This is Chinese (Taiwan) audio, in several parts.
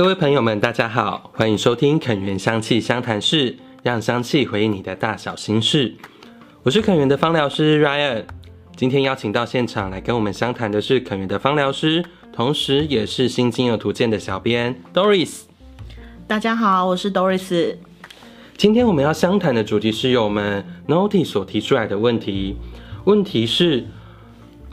各位朋友們，大家好，歡迎收聽《肯園香氣相談室》，讓香氣回應你的大小心事。我是肯園的芳療師 Ryan，今天邀請到現場來跟我們相談的是肯園的芳療師，同時也是《新精油圖鑑》的小編 Doris。大家好，我是 Doris。今天我們要相談的主題是由我們 Notti 所提出來的問題，問題是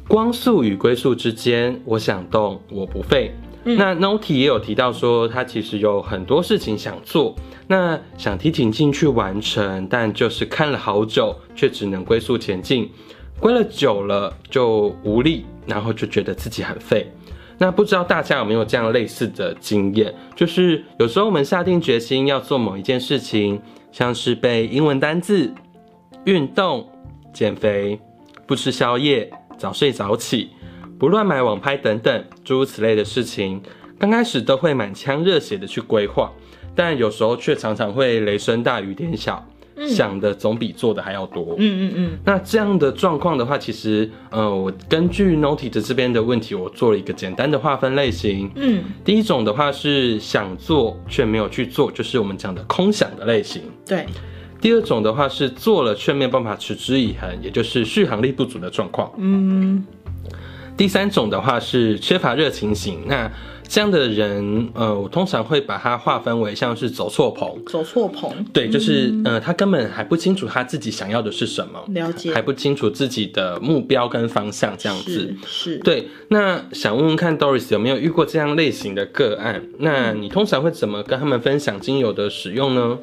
光速與龜速之間，我想動，我不廢。那 Notti 也有提到說，他其實有很多事情想做，那想提請進去完成，但就是看了好久，卻只能龜速前進，龜了久了就無力，然後就覺得自己很廢。那不知道大家有沒有這樣類似的經驗？就是有時候我們下定決心要做某一件事情，像是背英文單字、運動、減肥、不吃宵夜、早睡早起。不亂買網拍等等諸如此類的事情，剛開始都會滿腔熱血的去規劃，但有時候卻常常會雷聲大雨點小，嗯，想的總比做的還要多。嗯嗯嗯。那這樣的狀況的話，其實呃，我根據 Notti 這邊的問題，我做了一個簡單的劃分類型。嗯，第一種的話是想做卻沒有去做，就是我們講的空想的類型。對。第二種的話是做了卻沒辦法持之以恆，也就是續航力不足的狀況。嗯。第三種的話是缺乏熱情型，那，這樣的人，呃，我通常會把他劃分為像是走錯棚，走錯棚，對，就是、嗯，呃，他根本還不清楚他自己想要的是什麼，了解，還不清楚自己的目標跟方向，這樣子是，是，對。那想問問看，Doris 有沒有遇過這樣類型的個案？那你通常會怎麼跟他們分享精油的使用呢？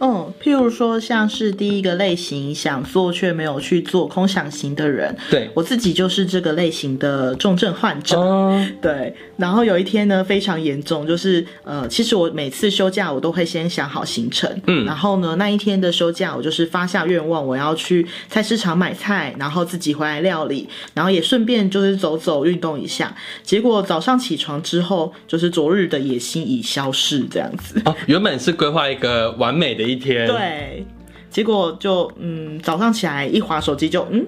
嗯、哦，譬如說，像是第一個類型，想做卻沒有去做，空想型的人，對我自己就是這個類型的重症患者，哦、對，然後有一天。那非常嚴重，就是呃，其實我每次休假我都會先想好行程，嗯，然後呢那一天的休假我就是發下願望，我要去菜市場買菜，然後自己回來料理，然後也順便就是走走運動一下。結果早上起床之後，就是昨日的野心已消逝，這樣子、哦。原本是規劃一個完美的一天，對，結果就嗯早上起來一滑手機就嗯。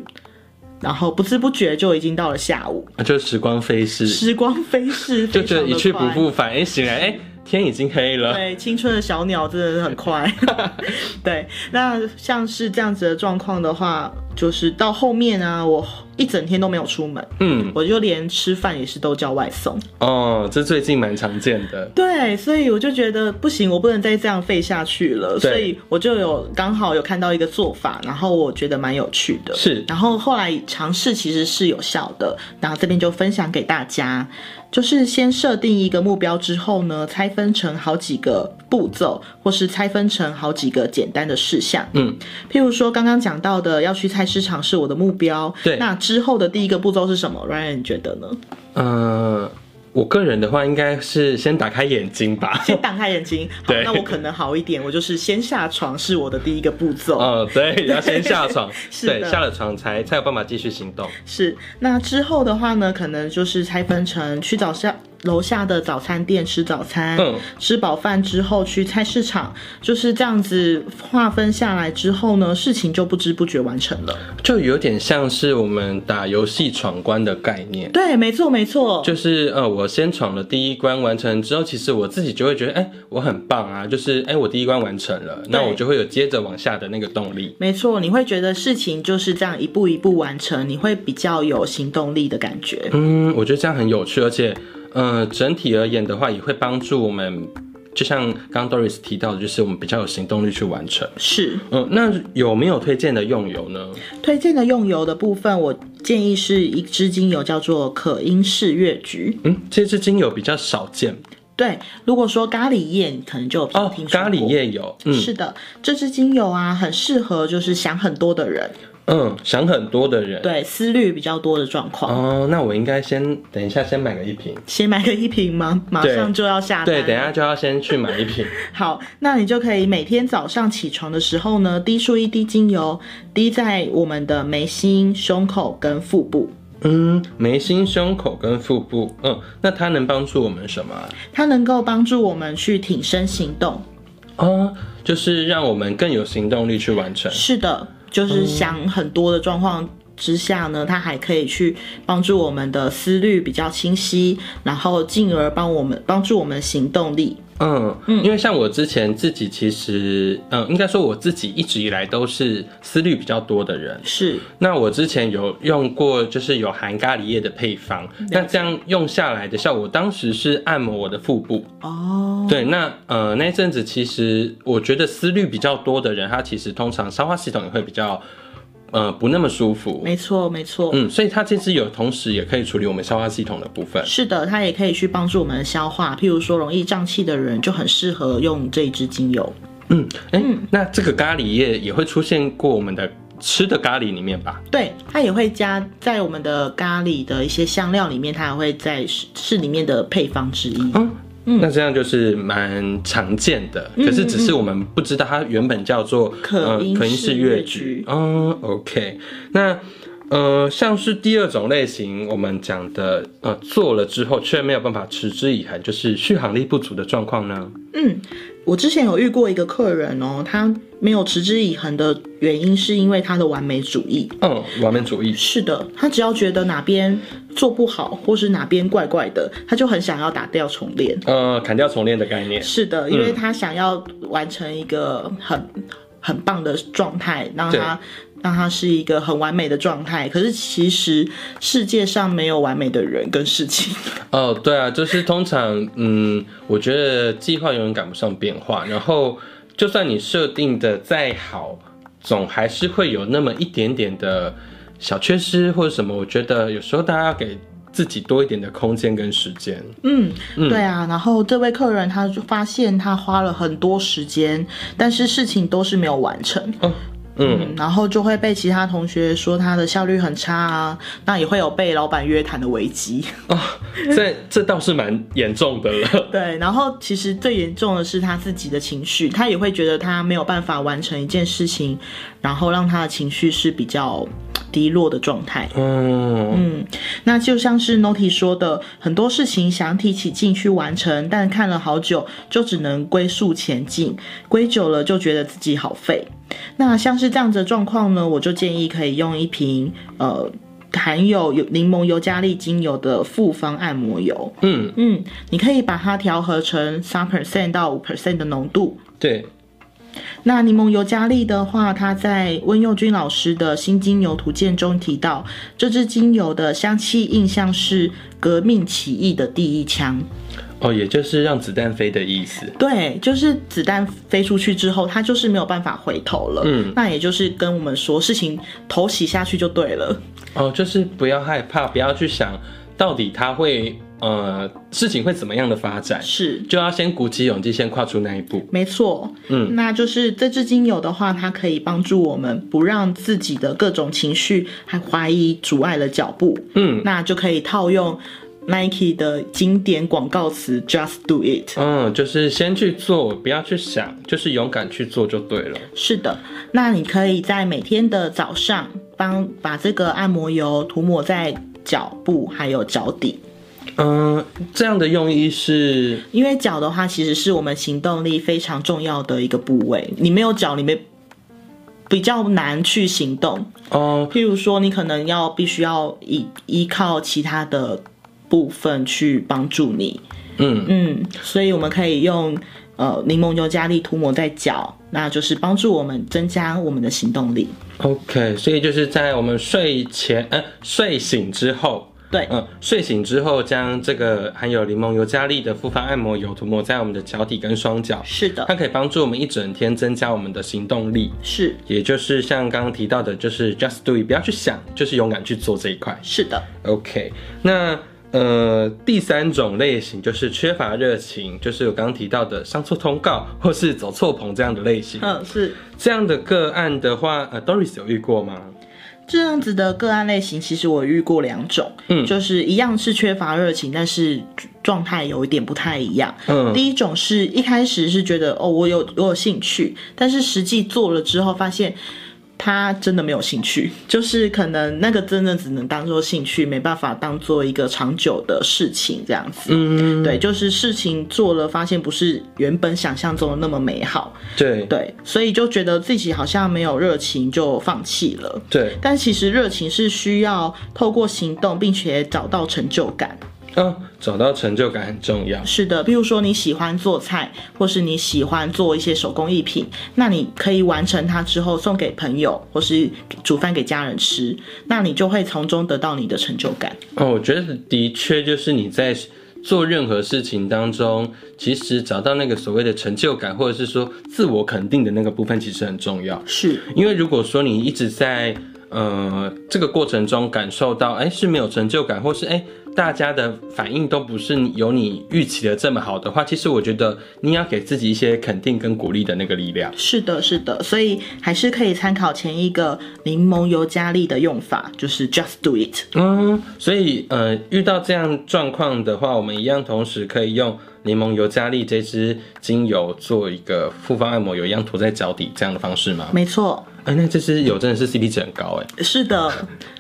然後不知不覺就已經到了下午，就時光飛逝，時光飛逝， 就覺得一去不復返，欸，醒來，哎。天已經黑了。對，青春的小鳥真的是很快。 對，那像是這樣子的狀況的話，就是到後面呢、啊，我一整天都沒有出門。嗯，我就連吃飯也是都叫外送。哦，這最近蠻常見的。對，所以我就覺得不行，我不能再這樣廢下去了。對。所以我就有剛好有看到一個做法，然後我覺得蠻有趣的。是。然後後來嘗試其實是有效的，然後這邊就分享給大家。就是先設定一個目標之後呢，拆分成好幾個步驟，或是拆分成好幾個簡單的事項。嗯，譬如說剛剛講到的要去菜市場是我的目標，對。那之後的第一個步驟是什麼？Ryan，你覺得呢？嗯、呃。我個人的話，應該是先打開眼睛吧。先打開眼睛，對，那我可能好一點。我就是先下床，是我的第一個步驟 。嗯，對，要先下床。是，對，下了床才才有辦法繼續行動。是，那之後的話呢，可能就是拆分成去找下。樓下的早餐店吃早餐，嗯、吃飽飯之後去菜市場，就是這樣子劃分下來之後呢，事情就不知不覺完成了，就有點像是我們打遊戲闖關的概念。對，沒錯沒錯，就是呃，我先闖了第一關，完成之後，其實我自己就會覺得，哎、欸，我很棒啊，就是哎、欸，我第一關完成了，那我就會有接着往下的那個動力。沒錯，你會覺得事情就是這樣一步一步完成，你會比較有行動力的感覺。嗯，我覺得這樣很有趣，而且。呃，整體而言的話，也會幫助我們，就像剛 Doris 提到的，就是我們比較有行動力去完成。是，嗯、呃，那有沒有推薦的用油呢？推薦的用油的部分，我建議是一支精油叫做可因氏月橘。嗯，這支精油比較少見。對，如果說咖喱葉，可能就有、哦、咖喱葉有。嗯，是的，這支精油啊，很適合就是想很多的人。嗯，想很多的人，對，思慮比較多的狀況。哦，那我應該先等一下，先買個一瓶。先買個一瓶嗎？馬上就要下單了對。對，等一下就要先去買一瓶。 好，那你就可以每天早上起床的時候呢，滴出一滴精油，滴在我們的眉心、胸口跟腹部。嗯，眉心、胸口跟腹部。嗯，那它能幫助我們什麼啊？它能夠幫助我們去挺身行動。啊、哦，就是讓我們更有行動力去完成。是的。就是想很多的狀況。之下呢，它還可以去幫助我們的思慮比較清晰，然後進而幫我們幫助我們的行動力。嗯嗯，因為像我之前自己其實，嗯，應該說我自己一直以來都是思慮比較多的人。是。那我之前有用過，就是有含咖喱液的配方。那這樣用下來的效果，我當時是按摩我的腹部。哦。對，那呃，那陣子其實我覺得思慮比較多的人，他其實通常消化系統也會比較。呃，不那麼舒服。沒錯，沒錯。嗯，所以它這支有，同時也可以處理我們消化系統的部分。是的，它也可以去幫助我們消化。譬如說，容易脹氣的人就很適合用這一支精油。嗯，哎、欸嗯，那這個咖喱葉也會出現過我們的吃的咖喱裡面吧？對，它也會加在我們的咖喱的一些香料裡面，它也會在是裡面的配方之一。嗯。嗯、那這樣就是蠻常見的，嗯嗯嗯，可是只是我們不知道它原本叫做，呃、嗯，可能是粵劇。嗯、哦，OK，那。呃，像是第二種類型，我們講的，呃，做了之後卻沒有辦法持之以恆，就是續航力不足的狀況呢？嗯，我之前有遇過一個客人哦，他沒有持之以恆的原因，是因為他的完美主義。嗯，完美主義。是的，他只要覺得哪邊做不好，或是哪邊怪怪的，他就很想要打掉重練。呃，砍掉重練的概念。是的，因為他想要完成一個很很棒的狀態，讓他。讓他是一個很完美的狀態，可是其實世界上沒有完美的人跟事情。哦、oh，對啊，就是通常，嗯，我覺得計劃永遠趕不上變化，然後就算你設定的再好，總還是會有那麼一點點的小缺失或者什麼。我覺得有時候大家要給自己多一點的空間跟時間嗯。嗯，對啊。然後這位客人他就發現他花了很多時間，但是事情都是沒有完成。嗯、oh。嗯，然後就會被其他同學說他的效率很差啊，那也會有被老闆約談的危機啊、哦。這這倒是蠻嚴重的了。 對，然後其實最嚴重的是他自己的情緒，他也會覺得他沒有辦法完成一件事情，然後讓他的情緒是比較低落的狀態。嗯、哦、嗯，那就像是 Notti 說的，很多事情想提起勁去完成，但看了好久就只能龜速前進，龜久了就覺得自己好廢。那像是這樣子的狀況呢，我就建議可以用一瓶呃含有檸檬尤加利精油的複方按摩油。嗯嗯，你可以把它調和成三 percent 到五 percent 的濃度。對，那檸檬尤加利的話，它在溫佑君老師的《新精油圖鑑》中提到，這支精油的香氣印象是革命起義的第一槍。哦，也就是讓子彈飛的意思。對，就是子彈飛出去之後，它就是沒有辦法回頭了。嗯，那也就是跟我們說，事情頭洗下去就對了。哦，就是不要害怕，不要去想到底他會呃，事情會怎麼樣的發展。是，就要先鼓起勇氣，先跨出那一步。沒錯，嗯，那就是這支精油的話，它可以幫助我們不讓自己的各種情緒還懷疑阻礙了腳步。嗯，那就可以套用。Nike 的經典廣告詞 "Just Do It"，嗯，就是先去做，不要去想，就是勇敢去做就對了。是的，那你可以在每天的早上幫把這個按摩油塗抹在腳部還有腳底。嗯、呃，這樣的用意是？因為腳的話，其實是我們行動力非常重要的一個部位。你沒有腳，你沒比較難去行動。哦、嗯，譬如說，你可能要必須要依依靠其他的。部分去幫助你，嗯嗯，所以我們可以用呃檸檬尤加利塗抹在腳，那就是幫助我們增加我們的行動力。OK，所以就是在我們睡前，呃、睡醒之後，對，嗯、呃，睡醒之後將這個含有檸檬尤加利的複方按摩油塗抹在我們的腳底跟雙腳。是的，它可以幫助我們一整天增加我們的行動力。是，也就是像剛剛提到的，就是 just do it，不要去想，就是勇敢去做這一塊。是的，OK，那。呃，第三種類型就是缺乏熱情，就是我剛剛提到的上錯通告或是走錯棚這樣的類型。嗯，是。這樣的個案的話，呃，Doris 有遇過嗎？這樣子的個案類型，其實我遇過兩種，嗯，就是一樣是缺乏熱情，但是狀態有一點不太一樣。嗯，第一種是一開始是覺得哦，我有我有興趣，但是實際做了之後發現。他真的沒有興趣，就是可能那個真的只能當做興趣，沒辦法當做一個長久的事情這樣子。嗯，對，就是事情做了，發現不是原本想象中的那麼美好。對對，所以就覺得自己好像沒有熱情，就放棄了。對，但其實熱情是需要透過行動，並且找到成就感。嗯、哦，找到成就感很重要。是的，比如說你喜歡做菜，或是你喜歡做一些手工藝品，那你可以完成它之後送給朋友，或是煮飯給家人吃，那你就會從中得到你的成就感。哦，我覺得的確就是你在做任何事情當中，其實找到那個所謂的成就感，或者是說自我肯定的那個部分，其實很重要。是，因為如果說你一直在，呃，這個過程中感受到，哎，是沒有成就感，或是哎。大家的反應都不是有你預期的這麼好的話，其實我覺得你要給自己一些肯定跟鼓勵的那個力量。是的，是的，所以還是可以參考前一個檸檬尤加利的用法，就是 Just do it。嗯，所以呃，遇到這樣狀況的話，我們一樣同時可以用檸檬尤加利這支精油做一個複方按摩油，一樣塗在腳底這樣的方式嗎？沒錯。哎、欸，那這支有真的是 CP 值很高哎。是的，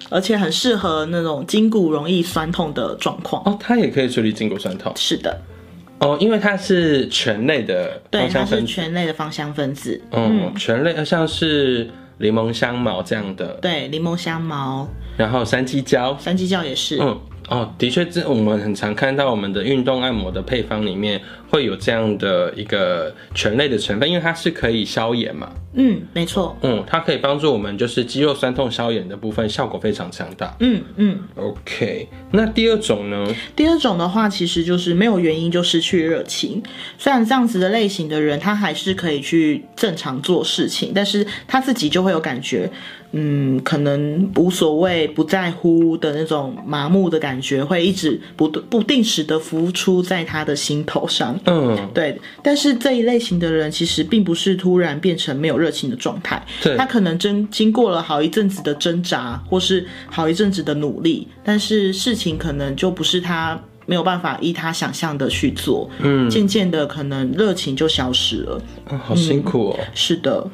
而且很適合那種筋骨容易酸痛的狀況哦，它也可以處理筋骨酸痛。是的。哦，因為它是醛類的芳香分子。對，它是醛類的芳香分子。嗯，醛、嗯、類像是檸檬香茅這樣的。對，檸檬香茅，然後山雞椒，山雞椒也是，嗯。哦，的確，是我們很常看到我們的運動按摩的配方裡面會有這樣的一個醛類的成分，因為它是可以消炎嘛。嗯，沒錯。嗯，它可以幫助我們就是肌肉酸痛消炎的部分，效果非常強大。嗯嗯。OK，那第二種呢？第二種的話，其實就是沒有原因就失去熱情。雖然這樣子的類型的人，他還是可以去正常做事情，但是他自己就會有感覺。嗯，可能無所謂、不在乎的那種麻木的感覺，會一直不不定時的浮出在他的心頭上。嗯，對。但是這一類型的人，其實並不是突然變成沒有熱情的狀態。對。他可能真經過了好一陣子的掙扎，或是好一陣子的努力，但是事情可能就不是他沒有辦法依他想象的去做。嗯。漸漸的，可能熱情就消失了。嗯，啊、好辛苦哦。嗯、是的。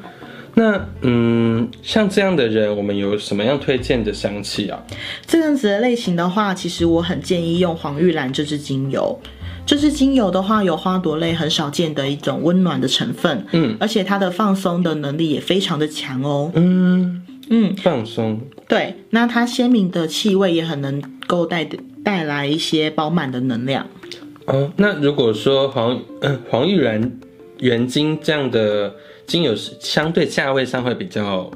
那嗯，像這樣的人，我們有什麼樣推薦的香氣啊？這樣子的類型的話，其實我很建議用黃玉蘭這支精油。這支精油的話，有花朵類很少見的一種溫暖的成分，嗯，而且它的放鬆的能力也非常的強哦。嗯嗯，放鬆。對，那它鮮明的氣味也很能夠帶帶來一些飽滿的能量。哦，那如果說黃、呃、黃玉蘭。原精這樣的精油是相對價位上會比較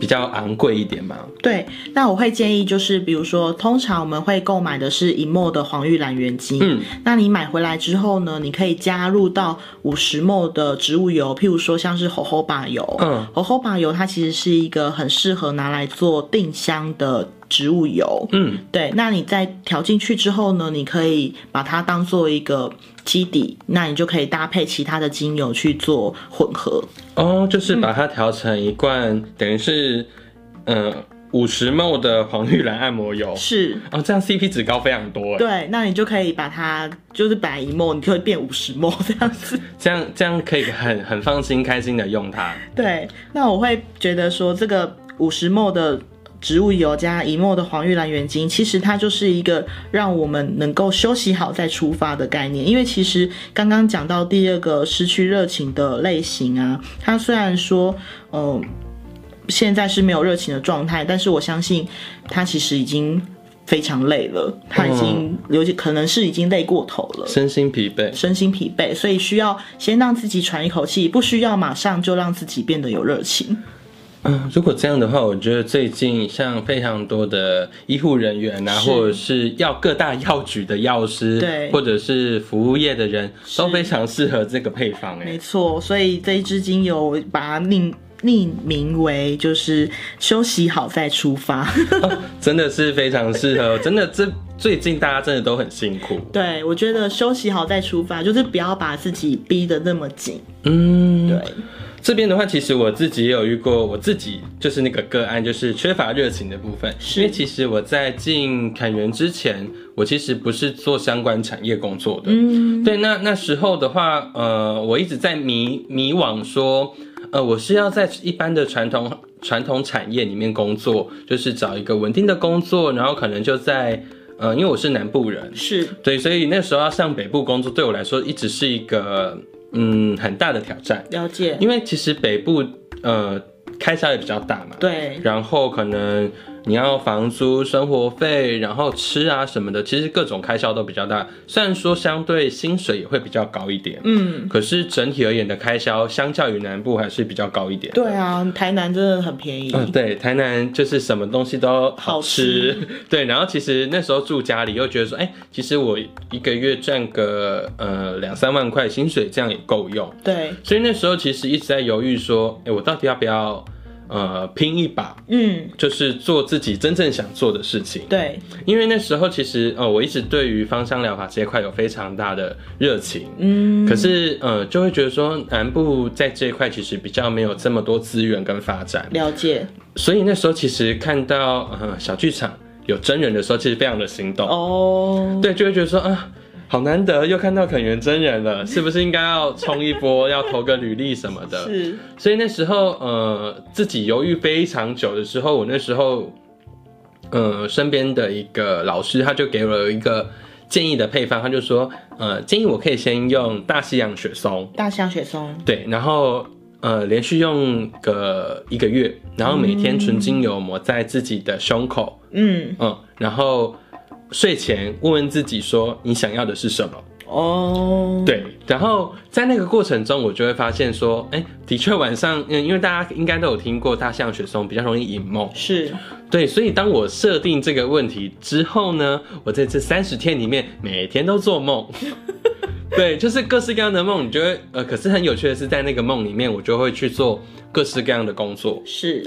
比較昂貴一點嘛？對，那我會建議就是，比如說，通常我們會購買的是一 ml 的黃玉蘭原精。嗯，那你買回來之後呢，你可以加入到五十 ml 的植物油，譬如說像是荷荷巴油。嗯，荷荷巴油它其實是一個很適合拿來做定香的。植物油，嗯，對，那你在調進去之後呢，你可以把它當做一個基底，那你就可以搭配其他的精油去做混合。哦，就是把它調成一罐，嗯、等於是，嗯、呃，五十 ml 的黃玉蘭按摩油。是。哦，這樣 C P 值高非常多。對，那你就可以把它，就是擺一 ml，你就會變五十 ml 這樣子。 這樣這樣可以很很放心開心的用它。對，那我會覺得說這個五十 ml 的。植物油加一抹的黃玉蘭原精，其實它就是一個讓我們能夠休息好再出發的概念。因為其實剛剛講到第二個失去熱情的類型啊，它雖然說，嗯、呃，現在是沒有熱情的狀態，但是我相信他其實已經非常累了，他已經有、哦、可能是已經累過頭了，身心疲憊，身心疲憊，所以需要先讓自己喘一口氣，不需要馬上就讓自己變得有熱情。如果這樣的話，我覺得最近像非常多的醫護人員啊，或者是藥各大藥局的藥師，對，或者是服務業的人都非常適合這個配方。沒錯，所以這支精油把它命命名為就是休息好再出發 、啊，真的是非常適合。真的，這最近大家真的都很辛苦。對，我覺得休息好再出發，就是不要把自己逼得那麼緊。嗯，對。這邊的話，其實我自己也有遇過，我自己就是那個個案，就是缺乏熱情的部分。是。因為其實我在進肯園之前，我其實不是做相關產業工作的。嗯，對。那那時候的話，呃，我一直在迷迷惘，說，呃，我是要在一般的傳統傳統產業裡面工作，就是找一個穩定的工作，然後可能就在，嗯、呃，因為我是南部人，是對，所以那個時候要上北部工作，對我來說一直是一個。嗯，很大的挑戰，了解。因為其實北部，呃，開銷也比較大嘛。對。然後可能。你要房租、生活費，然後吃啊什麼的，其實各種開銷都比較大。雖然說相對薪水也會比較高一點，嗯，可是整體而言的開銷，相較於南部還是比較高一點。對啊，台南真的很便宜。嗯、哦，對，台南就是什麼東西都好吃，好吃。對，然後其實那時候住家裡又覺得說，哎、欸，其實我一個月賺個呃兩三萬塊薪水，這樣也夠用。對，所以那時候其實一直在猶豫說，哎、欸，我到底要不要？呃，拼一把，嗯，就是做自己真正想做的事情，對。因為那時候其實，呃，我一直對於芳香療法這一塊有非常大的熱情，嗯。可是，呃，就會覺得說，南部在這一塊其實比較沒有這麼多資源跟發展，了解。所以那時候其實看到，呃，小劇場有真人的時候，其實非常的心動哦。對，就會覺得說啊。好難得又看到肯園真人了，是不是應該要衝一波， 要投個履歷什麼的？是。所以那時候，呃，自己猶豫非常久的時候，我那時候，呃，身邊的一個老師他就給了我一個建議的配方，他就說，呃，建議我可以先用大西洋雪松，大西洋雪松，對，然後，呃，連續用個一個月，然後每天純精油抹在自己的胸口，嗯嗯，然後。睡前問問自己說：“你想要的是什麼？”哦，對。然後在那個過程中，我就會發現說：“哎，的確晚上，嗯，因為大家應該都有聽過，大西洋雪松比較容易引夢。”是，對。所以當我設定這個問題之後呢，我在這三十天裡面每天都做夢，對，就是各式各樣的夢。你就會呃，可是很有趣的是，在那個夢裡面，我就會去做各式各樣的工作。是，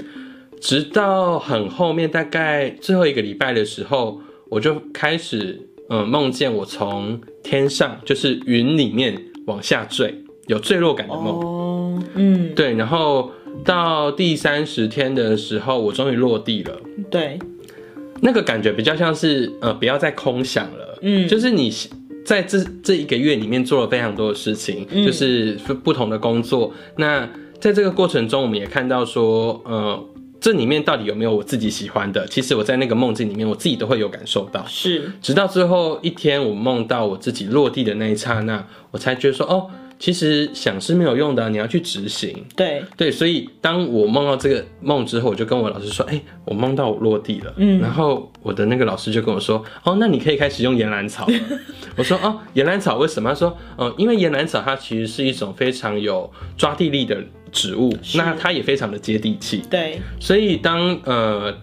直到很後面，大概最後一個禮拜的時候。我就開始，嗯，呃，夢見我從天上，就是雲裡面往下墜，有墜落感的夢。哦，嗯，對。然後到第三十天的時候，我終於落地了。對，那個感覺比較像是，呃，不要再空想了。嗯，就是你在這這一個月裡面做了非常多的事情，就是不同的工作。嗯。那在這個過程中，我們也看到說，嗯，呃。這裡面到底有沒有我自己喜歡的？其實我在那個夢境裡面，我自己都會有感受到。是，直到最後一天，我夢到我自己落地的那一剎那，我才覺得說，哦，其實想是沒有用的，你要去執行。對對，所以當我夢到這個夢之後，我就跟我老師說，哎、欸，我夢到我落地了。嗯。然後我的那個老師就跟我說，哦，那你可以開始用岩蘭草了。 我說，哦，岩蘭草為什麼？他說，嗯，因為岩蘭草它其實是一種非常有抓地力的。植物，那它也非常的接地氣。對，所以當呃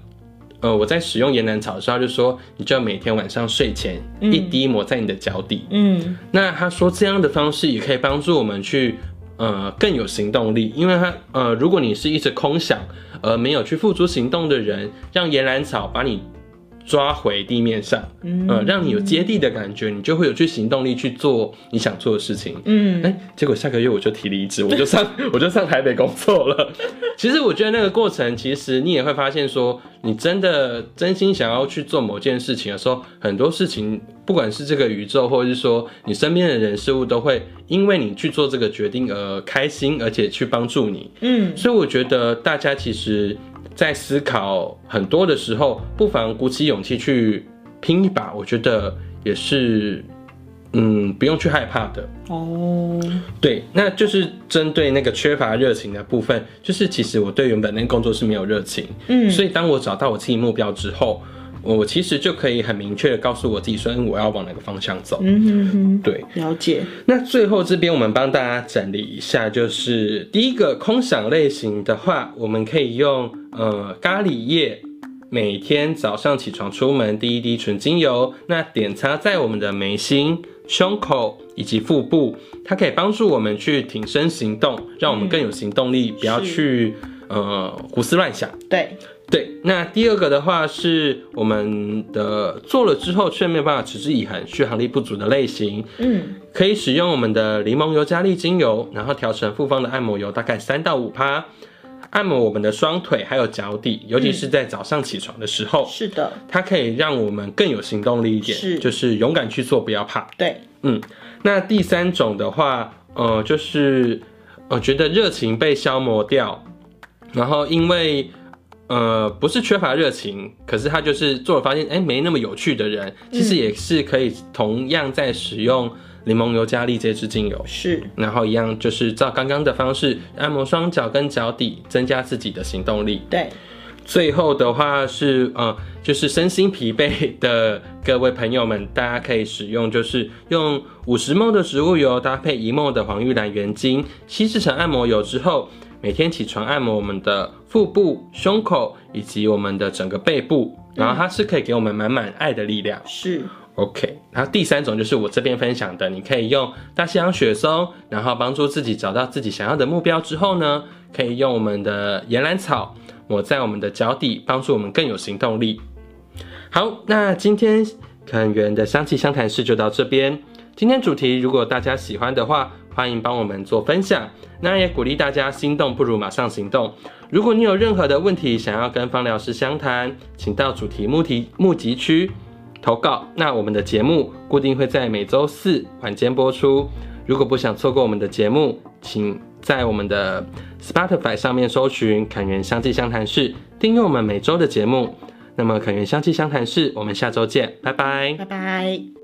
呃我在使用岩蘭草的時候，他就說你就要每天晚上睡前一滴抹在你的腳底，嗯。嗯，那他說這樣的方式也可以幫助我們去呃更有行動力，因為他呃如果你是一直空想而沒有去付諸行動的人，讓岩蘭草把你抓回地面上嗯，嗯，讓你有接地的感覺，嗯，你就會有去行動力去做你想做的事情，嗯，哎，欸，結果下個月我就提離職，我就上 我就上台北工作了。其實我覺得那個過程，其實你也會發現說，你真的真心想要去做某件事情的時候，很多事情，不管是這個宇宙，或者是說你身邊的人事物，都會因為你去做這個決定而開心，而且去幫助你，嗯，所以我覺得大家其實。在思考很多的時候，不妨鼓起勇氣去拼一把，我覺得也是，嗯，不用去害怕的哦。Oh. 對，那就是針對那個缺乏熱情的部分，就是其實我對原本那個工作是沒有熱情，嗯，所以當我找到我自己目標之後。我其實就可以很明確的告訴我自己說，我要往哪個方向走。嗯哼，對，了解。那最後這邊我們幫大家整理一下，就是第一個空想類型的話，我們可以用呃咖哩葉，每天早上起床出門滴一滴純精油，那點擦在我們的眉心、胸口以及腹部，它可以幫助我們去挺身行動，讓我們更有行動力，不要去。呃，胡思亂想，對對。那第二個的話是我們的做了之後卻沒有辦法持之以恆，續航力不足的類型。嗯，可以使用我們的檸檬尤加利精油，然後調成複方的按摩油，大概三到五趴，按摩我們的雙腿還有腳底，尤其是在早上起床的時候。是的，嗯，它可以讓我們更有行動力一點，是就是勇敢去做，不要怕。對，嗯。那第三種的話，呃，就是我覺得熱情被消磨掉。然後，因為，呃，不是缺乏熱情，可是他就是做了發現，哎，沒那麼有趣的人，其實也是可以同樣在使用檸檬尤加利這支精油，是，然後一樣就是照剛剛的方式按摩雙腳跟腳底，增加自己的行動力。對，最後的話是，呃，就是身心疲憊的各位朋友們，大家可以使用，就是用五十 ml 的植物油搭配一 ml 的黃玉蘭原精，稀釋成按摩油之後。每天起床按摩我們的腹部、胸口以及我們的整個背部，然後它是可以給我們滿滿愛的力量，嗯。是，OK。然後第三種就是我這邊分享的，你可以用大西洋雪松，然後幫助自己找到自己想要的目標之後呢，可以用我們的岩蘭草抹在我們的腳底，幫助我們更有行動力。好，那今天肯園的香氣相談室就到這邊。今天主題如果大家喜歡的話，歡迎幫我們做分享。那也鼓勵大家心動不如馬上行動。如果你有任何的問題想要跟芳療師相談，請到主題目題募集區投稿。那我們的節目固定會在每周四晚間播出。如果不想錯過我們的節目，請在我們的 Spotify 上面搜尋“肯園香氣相談室”，訂閱我們每周的節目。那麼“肯園香氣相談室”，我們下周見，拜拜，拜拜。